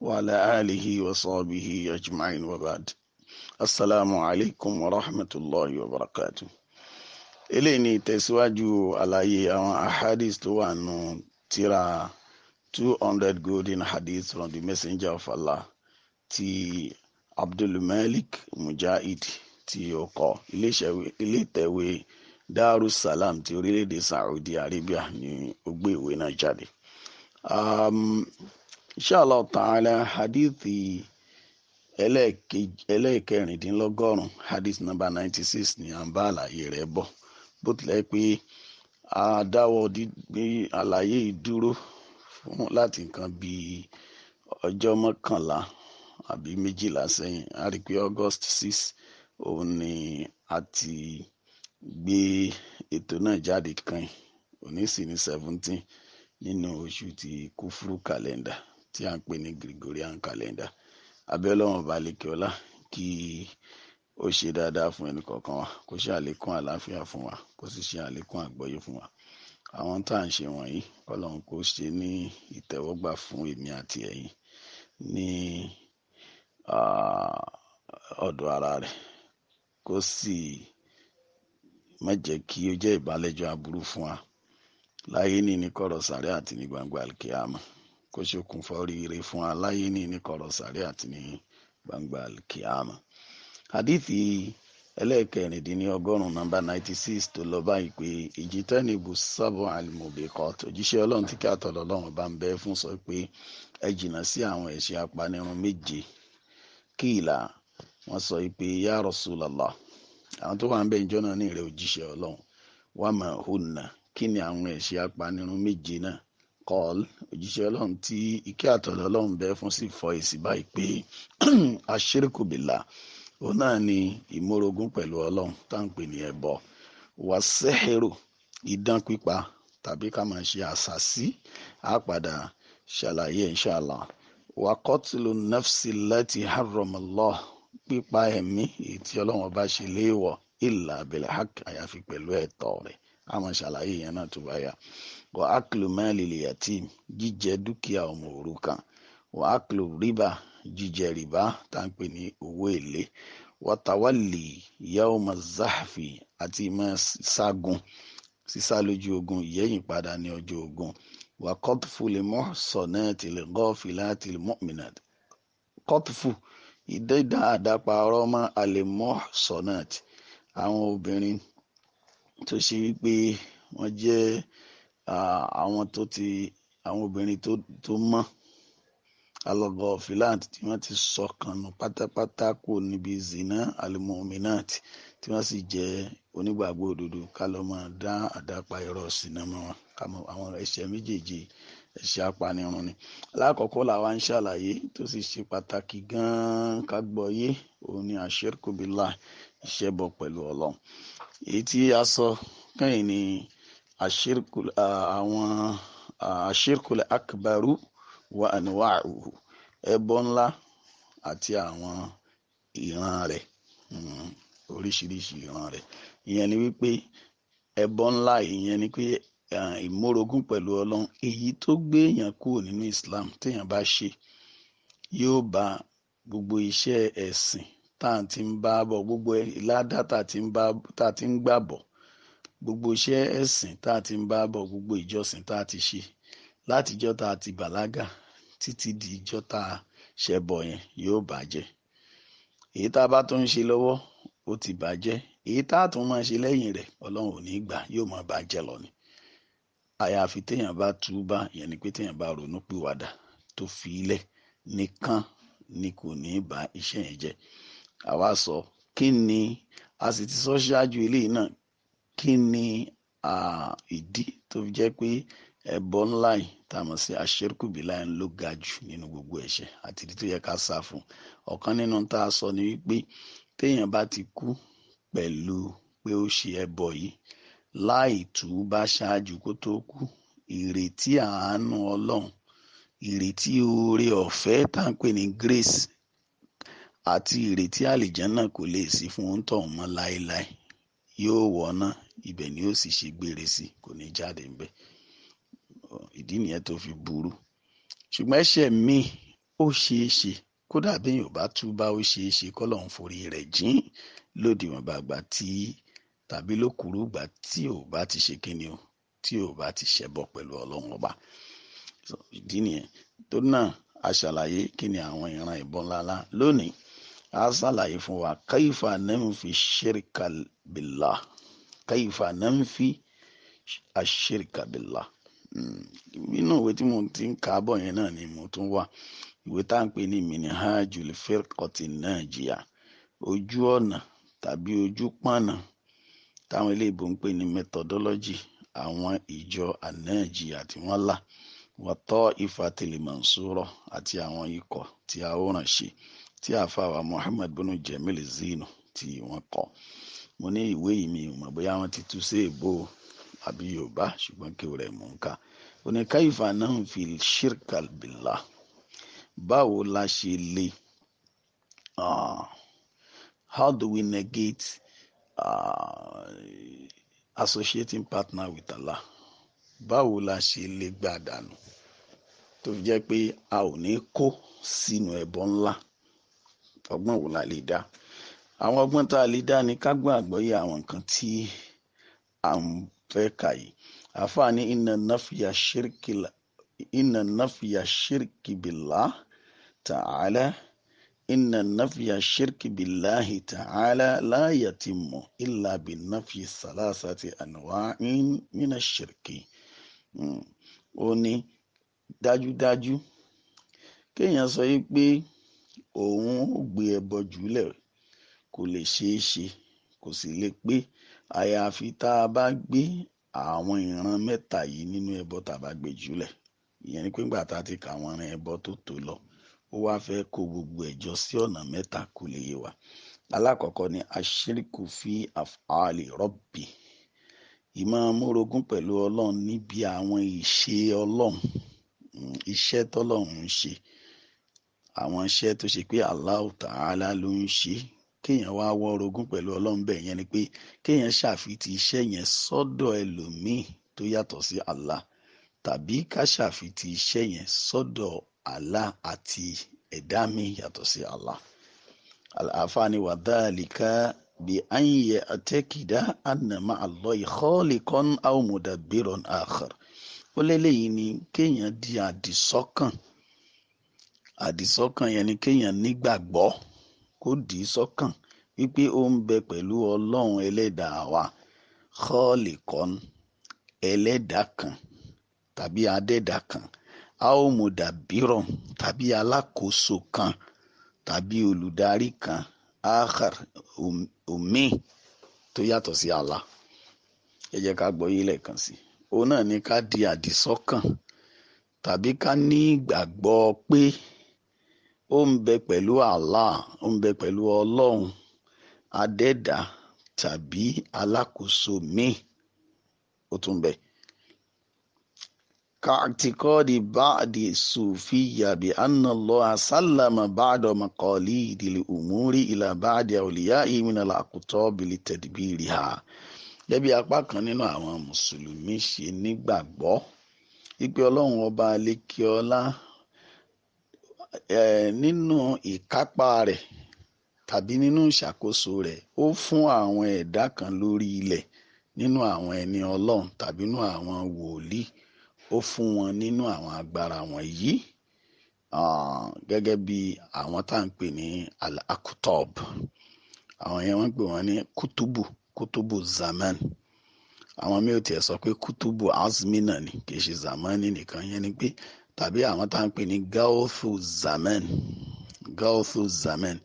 وعلى آله وصحبه أجمعين وبعد السلام عليكم ورحمة الله وبركاته إليني تسواجو على أحاديث وأنو ترى hundred golden hadith from the messenger of Allah ti Abdul Malik Mujahid ti ọkọ ilé ìtẹ̀wé Darussalam ti orílẹ̀-èdè Saudi Arabia ni ó gbé ìwé náà jáde. Um, inshallah ta'ala hadithi ẹlẹ́ẹ̀kẹrìndínlọ́gọ́rùn-ún hadith number ninety six ni à ń bá àlàyé rẹ̀ bọ̀ bó tilẹ̀ pé a dáwọ́ gbé àlàyé ìdúró fún láti nǹkan bíi ọjọ́ mọ́kànlá àbí méjìlá sẹ́yìn a rí i pé august six òun ni a ti gbé ètò náà jáde kan òní sì ní seventeen nínú oṣù ti kúfúrú kàlẹ́ndà tí a ń pè ní Gregorian calendar abẹ́ ọlọ́run ọba alekeola kí ó ṣe dáadáa fún ẹnì kọ̀ọ̀kan wa kó ṣe àlékún àlàáfíà fún wa kó sì ṣe àlékún àgbọ́yé fún wa àwọn tá à ń ṣe wọ̀nyí ọlọ́run kó ṣe ní ìtẹ́wọ́gbà fún èmi àti ẹ̀yin ní ọ̀dọ̀ ara rẹ̀ kó sì má jẹ́ kí ó jẹ́ ìbálẹ́jọ́ aburú fún wa láyé ní ní kọ̀rọ̀ sàrẹ́ àti ní gbangba alkiyama kó ṣe okùnfà oríire fún aláyé ní ìníkọ̀rọ̀ sàrí àti ní gbangba alkiyama hadithi ẹlẹ́ẹ̀kẹrìndínlọ́gọ́rùn-ún nọmba ninety six tó lọ báyìí pé ìjìtẹ́nìbù sábọ̀ àlùmọ̀bẹ́kọ́t òjíṣẹ́ ọlọ́run tí kí àtọ̀lọ́ ọlọ́run bá ń bẹ fún sọ pé ẹ jìnnà sí àwọn ẹ̀ṣẹ̀ apanirun méje kíìlà wọ́n sọ pé ya Rasulullah àwọn tó wà ń bẹ ìjọ náà ní ìrẹ òjíṣẹ́ ọlọ́run wàmà hùnà kí ni àwọn ẹ̀ṣẹ̀ apanirun méje náà kọ́ọ̀l òjíṣẹ́ ọlọ́run tí ìkẹ́ àtọ̀dọ̀ ọlọ́run bẹ́ẹ̀ fún sì fọ èsì báyìí pé àṣírìkùbìlà òun náà ni ìmórogún pẹ̀lú ọlọ́run tá à ń pè ní ẹ̀bọ wàṣẹ́hẹ̀rò idán pípa tàbí ká máa ṣe àṣàsí á padà ṣàlàyé inṣàlá wàkọ́tìlù nafsi láti haramallah pípa ẹ̀mí èyí tí ọlọ́run ọba ṣe léèwọ̀ ìlà abẹ́lẹ̀ àyàfi pẹ̀lú ẹ̀tọ́ rẹ̀ á máa yẹn náà tó bá wà á kìlò máàlì lèyàtìm jíjẹ dúkìá ọmọ òrukàn wà á kìlò rìbá jíjẹ rìbá tá ń pè ní owó èlé wà tàwálì yawma zahafi àti máa ságun sísá lójú ogun ìyẹ́yìn padà ní ọjọ́ ogun wà kọ́tùfù lè mọ́ sọ̀nà tìlẹ̀ gọ́ọ̀fì láti mọ́mìnà kọ́tùfù ìdẹ́dà àdápa ọ̀rọ̀ mọ́ àlè mọ́ sọ̀nà àwọn obìnrin tó ṣe wípé wọ́n jẹ́. Je àwọn tó ti àwọn obìnrin tó tó mọ́ alọ́gọ́ filant tí wọ́n ti sọkànnù pátápátá kò níbi zina alimominat tí wọ́n sì jẹ́ onígbàgbọ́ òdodo ká lọ́ máa dá àdápa irọ́ sinimá wọn kàmọ́ àwọn ẹ̀ṣẹ̀ méjèèjì ẹ̀ṣẹ̀ apanirun ni. alákọ̀ọ́kọ́ làwa ń ṣàlàyé tó sì ṣe pàtàkì gan-an ká gbọ́yé òun ni àṣírkùbílà ìṣẹ́bọ pẹ̀lú ọlọ́run èyí tí a sọ kẹ́yìn ni ashirkul àwọn ashirkul akbaru wa anwa'uhu ẹbọ ńlá àti àwọn ìran rẹ̀ hmm, oríṣiríṣi ìran rẹ̀ ìyẹn ni wípé ẹbọ ńlá ìyẹn ni pé ìmórogún pẹ̀lú ọlọ́run èyí tó gbé èèyàn kúrò nínú islam téèyàn bá ṣe yóò bá gbogbo iṣẹ́ ẹ̀sìn tá à ń ti ń bá bọ̀ gbogbo ládàá tá à ti ń gbà bọ̀ gbogbo iṣẹ́ ẹ̀sìn tá a ti ń bá bọ̀ gbogbo ìjọsìn tá a ti ṣe látijọ́ tá a ti bàlágà títí di ìjọ́ tá a ṣẹbọ yẹn yóò bàjẹ́ èyí tá a bá tún ń ṣe lọ́wọ́ ó ti bàjẹ́ èyí tá a tún máa ṣe lẹ́yìn rẹ̀ ọlọ́run ò ní gbà yóò máa bàjẹ́ lọ ni àyàfi téèyàn bá túbà yẹn ni pé téèyàn bá ronú pìwàdà tó fi ilẹ̀ nìkan ni kò ní bá iṣẹ́ yẹn jẹ́ àwa sọ kí ni a sì ti sọ ṣáájú eléyìí náà kí ni ìdí tó fi jẹ́ pé ẹ̀bọ ńlá yìí tá a mọ̀ sí aṣẹ́rùkùbílà ń ló ga jù nínú gbogbo ẹ̀ṣẹ̀ àti ìdí tó yẹ ká sá fún ọ̀kan nínú tá a sọ ni wípé téèyàn bá ti kú pẹ̀lú pé ó ṣe ẹbọ yìí láì tú bá ṣáájú kó tó kú ìrètí àánú ọlọ́run ìrètí oore ọ̀fẹ́ tá ní grace àti ìrètí àlìjánà kò lè sí fún òǹtọ̀ ọmọ láéláé yóò wọ̀ náà ibẹ̀ ni ó sì ṣe gbére sí kò ní jáde ń bẹ̀ ìdí nìyẹn tó fi burú ṣùgbọ́n ẹ̀ṣẹ̀ míì ó ṣeé ṣe kódà bẹ́ẹ̀ yóò bá túbá ó ṣeé ṣe kọ́lọ́hún forí rẹ̀ jìn lódiwọ̀n bàgbà tí tàbí lókùrú gbà tí ò bá ti ṣe kíni o tí ò bá ti ṣẹbọ pẹ̀lú ọlọ́run ọba ìdí nìyẹn tó náà a ṣàlàyé kí ni àwọn ìran ìbọn ńláńlá lónìí a ṣàlàyé fún wa kaifa nemfi shirka billah kaifa nanfi ash-shirka billah nínú ìwé tí mo ti ń kà á bọ̀ yẹn náà ni mo tún wà ìwé tá à ń pè ní minhajul firqati najiya ojú ọ̀nà tàbí ojú pọ̀nà táwọn iléèbó ń pè ní methodology àwọn ìjọ anajiya tí wọ́n là wàtọ́ ifatil mansura àti àwọn ikọ̀ tí a ó ràn ṣe tí àfàwà Muhammad bin Jamil Zino tí wọ́n kọ́ mo ní ìwé yìí mi ò mọ̀ bóyá wọ́n ti tú sí èbó àbí yorùbá ṣùgbọ́n kí o rẹ̀ mò ń kà ó ní káyìfà náà fi ṣírkà bìlà báwo la ṣe lè ah, how do we negate uh, associating partner with Allah báwo la ṣe lè gbà dànù tó fi jẹ́ pé a ò ní kó sínú ẹbọ ńlá ọgbọ́n wo la lè dá àwọn ọgbọ́n tá a lè dá ni ká gbọ́n àgbọ́yé àwọn nǹkan tí à ń fẹ́ kà yìí àáfàá ní inna nafiya shirki inna nafiya shirki billah ta'ala inna nafiya shirki billahi ta'ala la yatimmu illa bi nafi salasati hmm. ó ní dájúdájú kéèyàn sọ yìí pé òun ò gbé ẹbọ jùlẹ̀ kò lè ṣeé ṣe kò sì lè pé àyàfi tá a bá gbé àwọn ìran mẹ́ta yìí nínú ẹbọ tá a bá gbé jùlẹ̀ ìyẹn ni pé ńgbà tá a ti kà wọ́n ran ẹbọ tó tó lọ ó wá fẹ́ kó gbogbo ẹ̀jọ́ sí ọ̀nà mẹ́ta kò lè yé wa alákọ̀ọ́kọ́ ni aṣíríkù fi àfààlì rọ́bì ìmọ̀ amúrogún pẹ̀lú ọlọ́run níbi àwọn ìṣe ọlọ́run hmm, iṣẹ́ tọ́lọ́run ń ṣe àwọn iṣẹ́ tó ṣe pé Allah Ta'ala ló ń ṣe kéèyàn wá wọ orogún pẹ̀lú ọlọ́run bẹ́ẹ̀ yẹn ni pé kéèyàn ṣàfitì iṣẹ́ yẹn sọ́dọ̀ ẹlòmíì tó yàtọ̀ sí Allah tàbí ká ṣàfitì iṣẹ́ yẹn sọ́dọ̀ Allah àti ẹ̀dá mi yàtọ̀ sí Allah. àfààní wa dhalika bí ànyẹ àtẹ́kìdá ànàmá Allahi khaliqan aw mudabbiran akhar ó lélẹ́yìn ni kéèyàn di àdìsọ́kàn àdìsọ́kàn yẹn ni kéèyàn nígbàgbọ́ kó dì í sọ́kàn wípé ó ń bẹ pẹ̀lú ọlọ́run ẹlẹ́dàá wa khaliqon ẹlẹ́dàá kan tàbí adẹ́dàá kan aomudabiron tàbí alákòóso kan tàbí olùdarí kan akhar omi tó yàtọ̀ sí Allah ẹ jẹ́ ká gbọ́ yí lẹ́ẹ̀kan sí òun náà ni ká di àdìsọ́kàn tàbí ká ní ìgbàgbọ́ pé. ó ń bẹ pẹ̀lú Allah ó ń bẹ pẹ̀lú ọlọ́run adẹ́dà tàbí alákòóso míì ó tún bẹ. kàtìkọ́ọ̀dì báàdì sùfì yàbí ànàlọ́ àsálàmà báàdọ̀ màkọ́ọ̀lì ìdílé òmùrí ìlà báàdì àwòlíyá ìmìnàlà àkútọ́ bìlì tẹ̀dìbìrì ha. gẹ́bí apá kan nínú àwọn mùsùlùmí ṣe nígbàgbọ́ wípé ọlọ́run ọba nínú ìkápá rẹ̀ tàbí nínú ìṣàkóso rẹ̀ ó fún àwọn ẹ̀dá kan lórí ilẹ̀ nínú àwọn ẹni ọlọ́run tàbí nínú àwọn wòlíì ó fún wọn nínú àwọn agbára wọ̀nyí gẹ́gẹ́ bí àwọn tá à ń pè ní akutob àwọn yẹn wọ́n pè wọ́n ní kutubu kutubu zaman àwọn mi ò tiẹ̀ sọ pé kutubu azmina ni kì í ṣe zamani nìkan yẹn ni pé tàbí àwọn tá à ń pè ní gaothu zaman gaothu zaman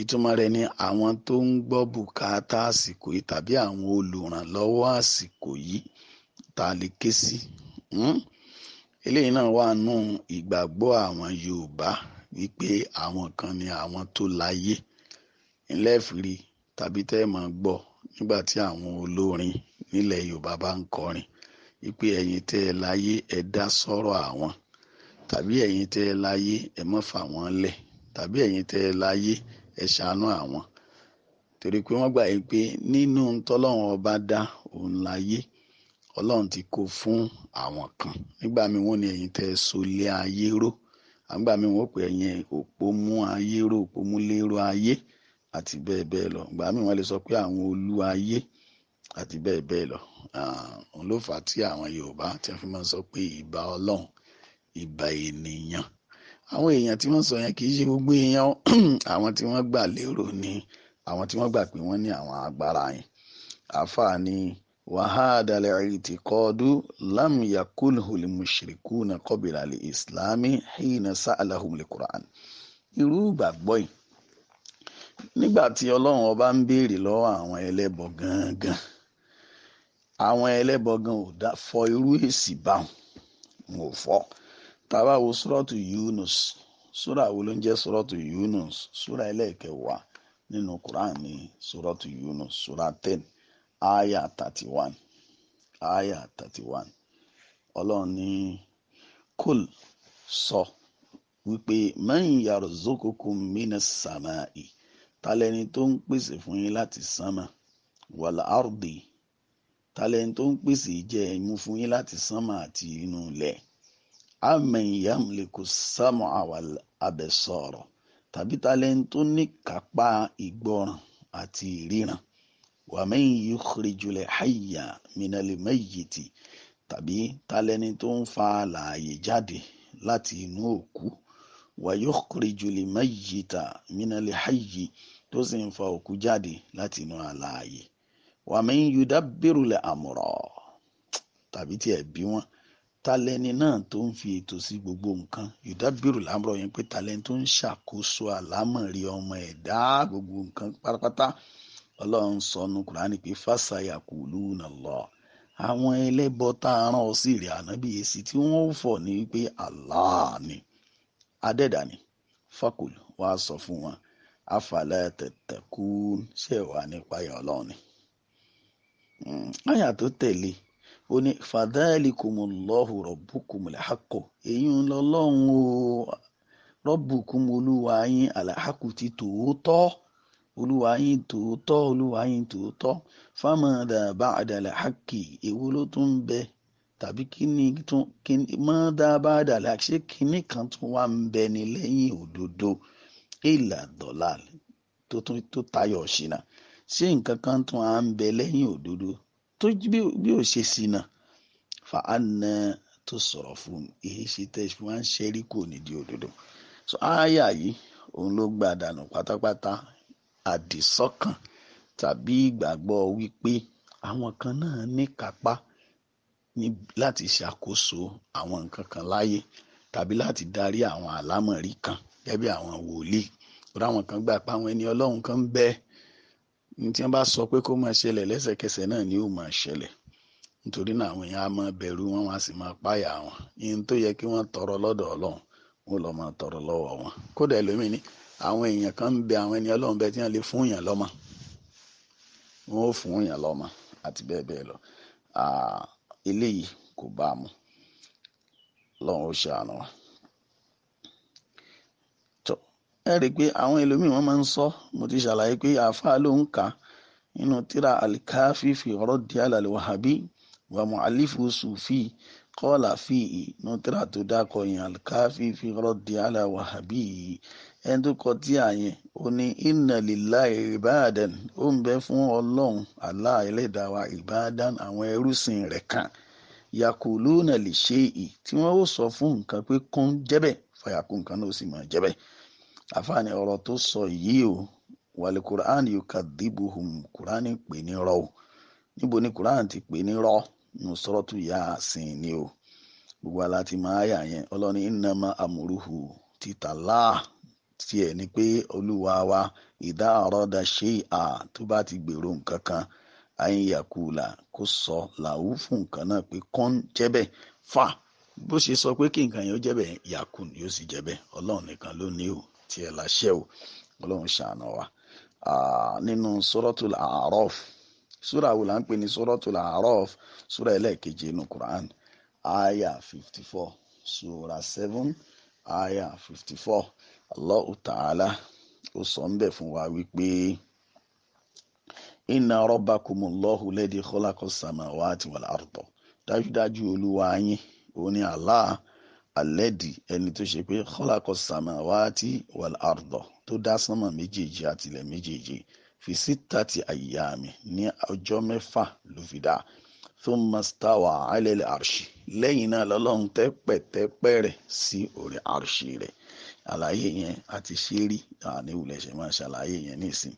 ìtumọ̀ rẹ̀ ni àwọn tó ń gbọ́ bùkátà àsìkò yìí tàbí àwọn olùrànlọ́wọ́ àsìkò yìí tá a lè ké sí hmm? eléyìí náà wà nù ìgbàgbọ́ àwọn Yorùbá wípé àwọn kan ni àwọn tó láyé ńlẹ́fìrí tàbí tẹ́ ẹ̀ máa gbọ́ nígbà tí àwọn olórin nílẹ̀ Yorùbá bá ń kọrin wípé ẹ̀yin tẹ́ ẹ láyé ẹ dá sọ́rọ̀ àwọn tàbí ẹ̀yin tẹ́ ẹ láyé ẹ má fà wọ́n lẹ̀ tàbí ẹ̀yin tẹ́ ẹ láyé ẹ ṣàánú àwọn torí pé wọ́n gbà yí pé nínú tọ́lọ́run ọba dá òun láyé ọlọ́run ti kó fún àwọn kan nígbà míì wọ́n ní ẹ̀yin tẹ́ ẹ so lé ayé ró àgbà míì wọ́n pè ẹ̀yin òpó mú ayé ró òpó mú lérò ayé àti bẹ́ẹ̀ bẹ́ẹ̀ lọ ìgbà míì wọ́n lè sọ pé àwọn olú ayé àti bẹ́ẹ̀ bẹ́ẹ̀ lọ òun ló fà á tí àwọn Yorùbá ti fi máa sọ pé ìbà ọlọ́run ìbà ènìyàn àwọn èèyàn tí wọ́n sọ yẹn kì í ṣe gbogbo èèyàn àwọn tí wọ́n gbà lérò ni àwọn tí wọ́n gbà pé wọ́n ní àwọn agbára yẹn àáfàá ni wàhádàlẹ̀ àìrìtì kọ́ọ̀dù lámìyàkùn olùmùsìrìkù na kọ́bìlà lè ìsìlámì hìnà sáàlàhùnlé quran irú ìgbàgbọ́ yìí nígbà tí ọlọ́run ọba ń béèrè lọ́wọ́ àwọn ẹlẹ́bọ gangan àwọn ẹlẹ́bọ gan ò fọ irú èsì báwọn wọn fọ́ tàbá wo suratu Yunus sura wo ló ń Yunus sura ẹlẹ́ẹ̀kẹwàá nínú Quran ní suratu Yunus sura ten aya thirty one aya thirty one ọlọ́run ní kul sọ wípé man yarzukukum minas samai talẹ́ni tó ń pèsè fún yín láti sánmà wal ardi talẹ́ni tó ń pèsè ìjẹ ẹ̀mú fún yín láti sánmà àti inú ilẹ̀ amẹ̀n yamliku sámọ̀ àwàl abẹ̀sọ̀rọ̀ tàbí talẹ̀ ń tó ní kápá ìgbọràn àti ìríran wàmẹ́yìn yìí kúrìjulẹ̀ hayya minali mẹ́yìtì tàbí talẹ́ni tó ń fa alààyè jáde láti inú òkú wàyó kúrìjulẹ̀ mẹ́yìtà minali hayyi tó sì ń fa òkú jáde láti inú alààyè wàmẹ́yìn yudabirulẹ̀ àmọ̀rọ̀ tàbí tiẹ̀ bí wọ́n talẹni náà tó ń fi ètò sí gbogbo nǹkan yudabiru lamrọ yẹn pé talẹni tó ń ṣàkóso àlámọ̀rí ọmọ ẹ̀dá gbogbo nǹkan pátápátá Ọlọ́run sọnù Kùránì pé fásayà kò lùnà lọ àwọn ẹlẹ́bọ tá a rán ọ sí rẹ̀ ànábì èsì tí wọ́n ń fọ̀ ní pé Allah ni adẹ́dà ni fakul wàá sọ fún wọn afàlẹ́ tẹ̀tẹ̀kú ṣẹ̀wá nípa ìyá Ọlọ́run ni. àyà hmm, tó tẹ̀lé e ó ní fadhalikumullahu rabbukumul haqqu èyí ń lọ lọ́hùn o rabbukum olúwa yín al-haqqu ti tòótọ́ olúwa yín tòótọ́ olúwa yín tòótọ́ famadha ba'dal haqqi èwo ló tún ń bẹ tàbí kíni tún kíni mọ́dá ba'dal haqqi ṣé kíní kan tún wà ń bẹ ní lẹ́yìn òdodo ìlà dọ̀là tó tayọ̀ ṣìnà ṣé nǹkan kan tún à ń bẹ lẹ́yìn òdodo tó bí ò ṣe ṣìnà fa anna tó sọ̀rọ̀ fún èyí ṣe tẹsí wọn ń ṣẹrí kò nídìí òdodo so aya yìí òun ló gba dànù pátápátá àdìsọ́kàn tàbí ìgbàgbọ́ wípé àwọn kan náà ní kápá láti ṣàkóso àwọn nǹkan kan láyé tàbí láti darí àwọn àlámọ̀rí kan gẹ́gẹ́ bí àwọn wòlíì rárá àwọn kan gbà pé àwọn ẹni ọlọ́run kan bẹ́ẹ̀ tí wọ́n bá sọ pé kó máa ṣẹlẹ̀ lẹsẹkẹsẹ náà ni yóò máa ṣẹlẹ̀ nítorí náà àwọn èèyàn á máa bẹrù wọn wọ́n á sì máa páyà wọn ihun tó yẹ kí wọn tọrọ lọ́dọ̀ ọlọ́run wọn lọ máa tọrọ lọwọ wọn kódà ẹlòmíín ni àwọn èèyàn kan ń bẹ àwọn ẹni ọlọ́run bẹ tí wọ́n lè fún yàn lọ́mọ wọn ò fún yàn lọ́mọ àti bẹ́ẹ̀ bẹ́ẹ̀ lọ eléyìí kò bá a mu lọ́run ó ṣàánú wa. ẹ rí i pé àwọn ẹlòmíì wọ́n máa ń sọ mo ti ṣàlàyé pé àáfàá ló ń kà nínú tíra alikafi fi raddi ala alwahabi wa mu'allifu sufi kọ́ọ̀là fi nínú tíra tó dákọ̀ yẹn alikafi fi raddi ala alwahabi ẹni tó kọ tí a yẹn ó ní inna lillahi ibadan ó ń bẹ fún ọlọ́run Allah ẹlẹ́dàá wa àwọn ẹrúsìn rẹ̀ kan yakuluna li shay'i tí wọ́n ó sọ fún nǹkan pé kún jẹ́bẹ̀ fàyàkùn nǹkan náà ó sì máa jẹ́bẹ̀ àfààní ọrọ tó sọ yìí o wàlẹ̀ quran yóò ka dìbò rọ o níbo ni ti ní rọ nù ni o gbogbo ala ti máa yà yẹn ọlọ́ni innama amruhu títà láà tiẹ̀ ni pé olúwa wa ìdá àrọ́dà ṣe à tó bá ti gbèrò nǹkan yakula kó sọ làwù fún nǹkan náà pé jẹ́bẹ̀ fà sọ pé kí nǹkan yẹn ó jẹ́bẹ̀ yakun yóò sì jẹ́bẹ̀ ọlọ́run tiẹ̀ láṣẹ o ọlọ́run ṣàánú wa nínú suratul A'raf sura wo la ń pè ní suratul A'raf sura ẹlẹ́ẹ̀keje inú Quran aya fifty four sura seven aya fifty four Allahu ta'ala ó sọ ń bẹ̀ fún wa wípé inna rabbakumullahu ladhi khalaqa samawati wal arda dájúdájú olúwa yín òun ni Allah alẹ́dì ẹni tó ṣe pé khalaqa samawati wal arda tó dá sánmà méjèèjì àti ilẹ̀ méjèèjì fi sittati ayyami ní ọjọ́ mẹ́fà ló fi dá thumma stawa ala al-arshi lẹ́yìn náà lọ́lọ́run tẹ́pẹ̀tẹ́pẹ́ rẹ̀ sí orí àrṣì rẹ̀ àlàyé yẹn àti ṣírí àníwùlẹ̀ṣẹ̀ máa ṣàlàyé yẹn nísìn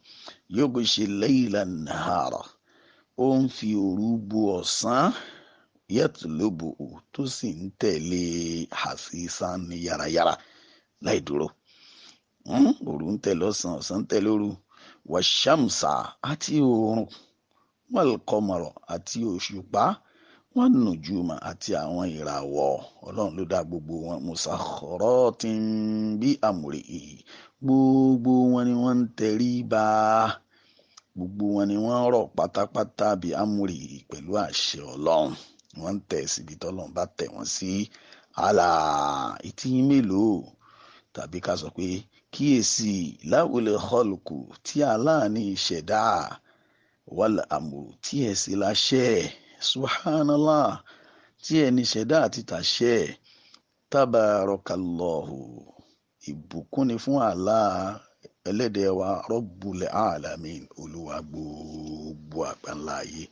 yóò gbé ṣe laylan nahara ó ń fi òru bu ọ̀sán yẹtùlóbù tó sì ń tẹ̀lé hasisan ní yàrá-yàrá láì dúró hmm, òru ń tẹ̀lé ọ̀sán ọ̀sán ń tẹ̀lé òru wàṣàmùsà àti oòrùn wàlùkọmọ̀rọ̀ àti òṣùpá wọn nùjúmọ àti àwọn ìràwọ̀ Ọlọ́run ló dá gbogbo wọn musakọrọ ti ń bí àmúrè gbogbo wọn ni wọn ń tẹrí ba gbogbo wọn ni wọn rọ̀ pátápátá bí àmúrè pẹ̀lú àṣẹ Ọlọ́run wọ́n ń tẹ̀ síbi tọ́lọ́run bá tẹ̀ wọ́n sí àlà ìtìyín mélòó tàbí ká sọ pé kíyèsí láwùlé họ́ọ̀lùkù tí aláàánú ìṣẹ̀dá wàlà àmúrù tí ẹ̀ sì láṣẹ subhanallah tí ẹni ṣẹ̀dá àti tàṣẹ tabarakallahu ìbùkún ni fún Allah ẹlẹ́dẹ̀ẹ́ wa rọ́bùlẹ̀ alamin olúwa gbogbo àgbáńlá ayé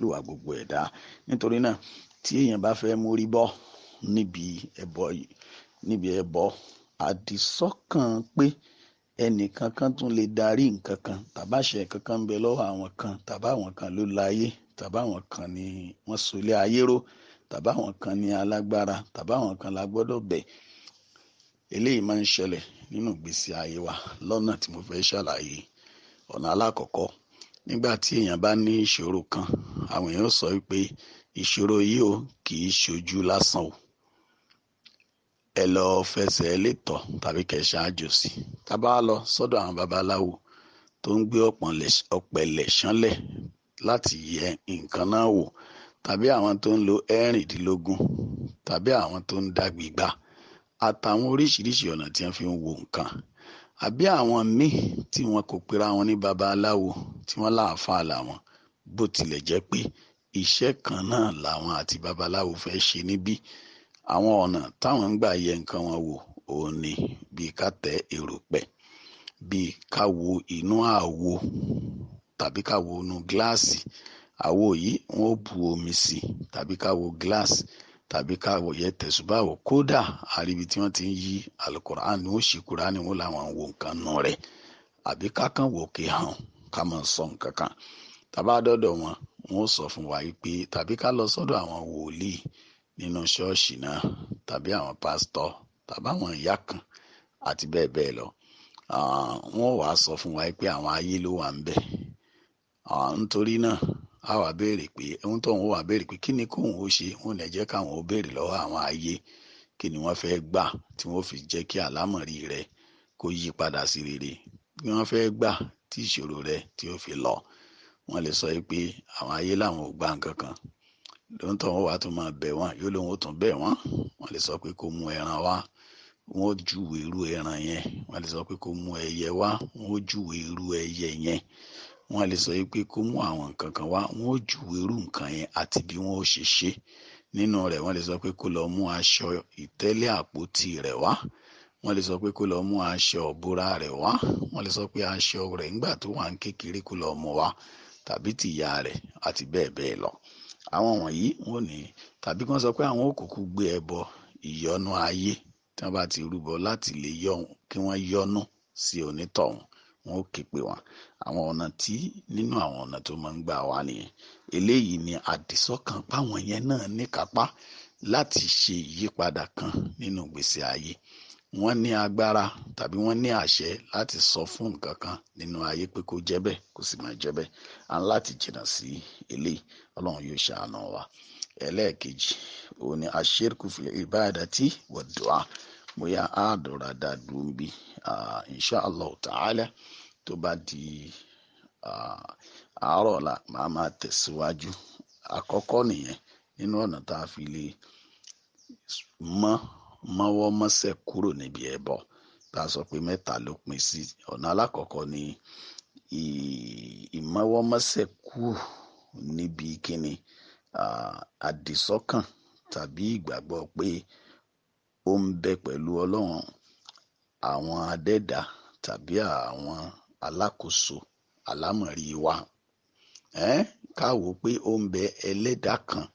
lùwà gbogbo ẹ̀dá nítorí náà tí èèyàn bá fẹ́ mórí bọ́ níbi ẹbọ yìí níbi ẹbọ àdìsọ́kàn pé ẹnìkan kan tún lè darí nǹkan kan tàbáṣe kankan ń bẹ lọ́wọ́ àwọn kan tàbá àwọn kan ló láyé tàbá àwọn kan ni wọ́n solé ayé ró tàbá àwọn kan ni alágbára tàbá àwọn kan la gbọ́dọ̀ bẹ̀ eléyìí máa ń ṣẹlẹ̀ nínú ìgbésí ayé wa lọ́nà tí mo fẹ́ ṣàlàyé ọ̀nà alákọ̀ọ́kọ́ nígbà tí èèyàn bá ní ìṣòro kan àwọn èèyàn sọ wípé ìṣòro yìí ò kì í ṣojú lásán o ẹ lọ fẹsẹ̀ ẹ lè tọ̀ tàbí kẹ́ ṣáájú sí tábà lọ sọ́dọ̀ àwọn babaláwo tó ń gbé ọ̀pẹ̀lẹ̀ ṣánlẹ̀ láti yẹ nǹkan náà wò tàbí àwọn tó ń lo ẹ̀rìndínlógún tàbí àwọn tó ń dá gbígbà àtàwọn oríṣiríṣi ọ̀nà tí wọ́n fi ń wo nǹkan àbí àwọn míì tí wọn kò pera wọn ní babaláwo tí wọn láàfáà làwọn bó tilẹ̀ jẹ́ pé iṣẹ́ kan náà làwọn àti babaláwo fẹ́ ṣe níbí àwọn ọ̀nà táwọn ń gbà yẹ nǹkan wọn wò òun ni bíi ká tẹ erùpẹ̀ bíi ká wo inú àwo tàbí ká wo inú gíláàsì àwo yìí wọn ó bu omi sí tàbí ká wo gíláàsì tàbí ká wòye tẹ̀sùbá wò kódà àríbi tí wọ́n ti ń yí alukur'an ni ó sì kur'an ni wọ́n làwọn wo nǹkan nù rẹ àbí kákan wò ké hàn ká máa sọ nǹkan kan tàbá dọ́dọ̀ wọn wọ́n sọ fún wa pé tàbí ká lọ sọ́dọ̀ àwọn wòlíì nínú ṣọ́ọ̀ṣì náà tàbí àwọn pásítọ̀ tàbí àwọn ìyá kan àti bẹ́ẹ̀ bẹ́ẹ̀ lọ wọ́n wàá sọ fún wa pé àwọn ayé ló wà ń bẹ nítorí náà a wá béèrè pé ohun tóun ó wá béèrè pé kí ni kóun ó ṣe wọn lè jẹ́ káwọn ó béèrè lọ́wọ́ àwọn ayé kí ni wọ́n fẹ́ gbà tí wọ́n fi jẹ́ kí àlámọ̀rí rẹ kó yí padà sí rere kí wọ́n fẹ́ gbà tí ìṣòro rẹ tí ó fi lọ wọ́n lè sọ pé àwọn ayé làwọn ò gbà nǹkan kan lóun tóun ó tún máa bẹ̀ wọ́n yóò lóun ó tún bẹ̀ wọ́n wọ́n lè sọ pé kó mú ẹran wá wọn ó irú ẹran yẹn wọ́n lè sọ pé kó mú ẹyẹ wá wọn ó irú ẹyẹ yẹn wọ́n lè sọ pé kó mú àwọn nǹkan kan wá wọ́n ó júwe irú nǹkan yẹn àti bí wọ́n ó ṣe ṣe nínú rẹ̀ wọ́n lè sọ pé kó lọ mú aṣọ ìtẹ́lẹ̀ àpótí rẹ̀ wá wọ́n lè sọ pé kó lọ mú aṣọ ìbora rẹ̀ wá wọ́n lè sọ pé aṣọ rẹ̀ ńgbà tó wà ń kékeré kó lọ mú wá tàbí tìyá rẹ̀ àti bẹ́ẹ̀ bẹ́ẹ̀ lọ àwọn wọ̀nyí wọ́n ní tàbí kí wọ́n sọ pé àwọn òkùnkùn gbé ẹbọ ìyọnu ayé tí wọ́n bá ti rúbọ láti lè yọ kí wọ́n yọnu sí onítọ̀hún wọn ó ké pe wọn àwọn ọ̀nà tí nínú àwọn ọ̀nà tó máa ń gbà wá nìyẹn eléyìí ni àdìsọ́kàn páwọn yẹn náà níkápá láti ṣe ìyípadà kan nínú ìgbésí ayé wọ́n ní agbára tàbí wọ́n ní àṣẹ láti sọ fún nǹkan kan nínú ayé pé kó jẹ́ bẹ́ẹ̀ kó sì máa jẹ́ bẹ́ẹ̀ à ń láti jìnnà sí eléyìí ọlọ́run yóò ṣàánú wa ẹlẹ́ẹ̀kejì òun ni àṣírkù fìlẹ̀ ìbáradà tí wọ́n dùn á bóyá àádọ́ra dá dùn bí uh, inshallah ta'ala tó bá di àárọ̀ la màá máa tẹ̀síwájú àkọ́kọ́ nìyẹn nínú ọ̀nà tá a fi lè mọ́ mọ́wọ́ mọ́sẹ̀ kúrò níbi tá a sọ pé mẹ́ta ló ni ìmọ́wọ́ mọ́sẹ̀ kúrò níbi kíni àdìsọ́kàn tàbí ìgbàgbọ́ pé ó ń bẹ pẹ̀lú àwọn adẹ́dàá tàbí àwọn alákòóso àlámọ̀rí wa um ká wò ó pé ó ń bẹ ẹlẹ́dàá kan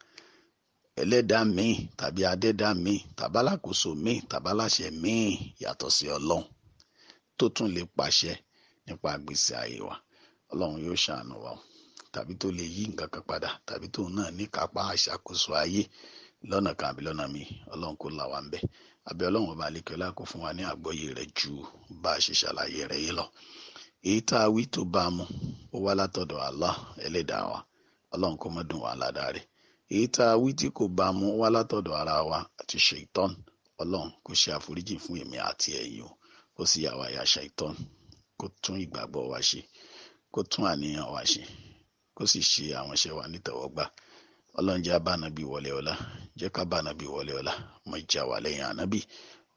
ẹlẹ́dàá míì tàbí adẹ́dàá míì tàbí alákòóso míì tàbí aláṣẹ míì yàtọ̀ sí ọlọ́run tó tún lè pàṣẹ nípa gbèsè ayé wa ọlọ́run yóò ṣàánú wa tàbí tó lè yí nǹkan kan padà tàbí tóun náà níkápá àṣàkóso ayé lọ́nà kan àbí lọ́nà míì ọlọ́run kò là wá ń bẹ̀ abẹ́ ọlọ́run ọba àlekèọ́lá kó fún wa ní àgbọ́yé rẹ̀ ju bá a ṣe ṣàlàyé rẹ̀ yìí lọ èyí tá a wí tó bá a mu ó wá látọ̀dọ̀ Allah ẹlẹ́dàá wa ọlọ́run kó má dùn wá ládàá rẹ̀ èyí tá a wí tí kò bá a mu ó wá látọ̀dọ̀ ara wa àti ṣèitán ọlọ́run kó ṣe àforíjì fún èmi àti ẹ̀yin o kó sì yà wá ya ṣèitán kó tún ìgbàgbọ́ wa ṣe kó tún àníyàn wa ṣe kó sì ṣe àwọn iṣẹ́ wa nítẹ̀wọ́gbà ọlọ́run jẹ́ abá ànábì wọlé ọlá jẹ́ ká bá ànábì wọlé ọlá mọ ìjà wà lẹ́yìn ànábì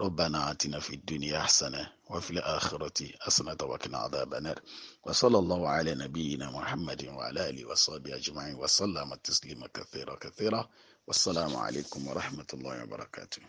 ربنا آتنا في الدنيا حسنة وفي الآخرة حسنة وقنا عذاب النار وصلى الله على نبينا محمد وعلى آله وصحبه أجمعين وسلم تسليما كثيرا كثيرا والسلام عليكم ورحمة الله وبركاته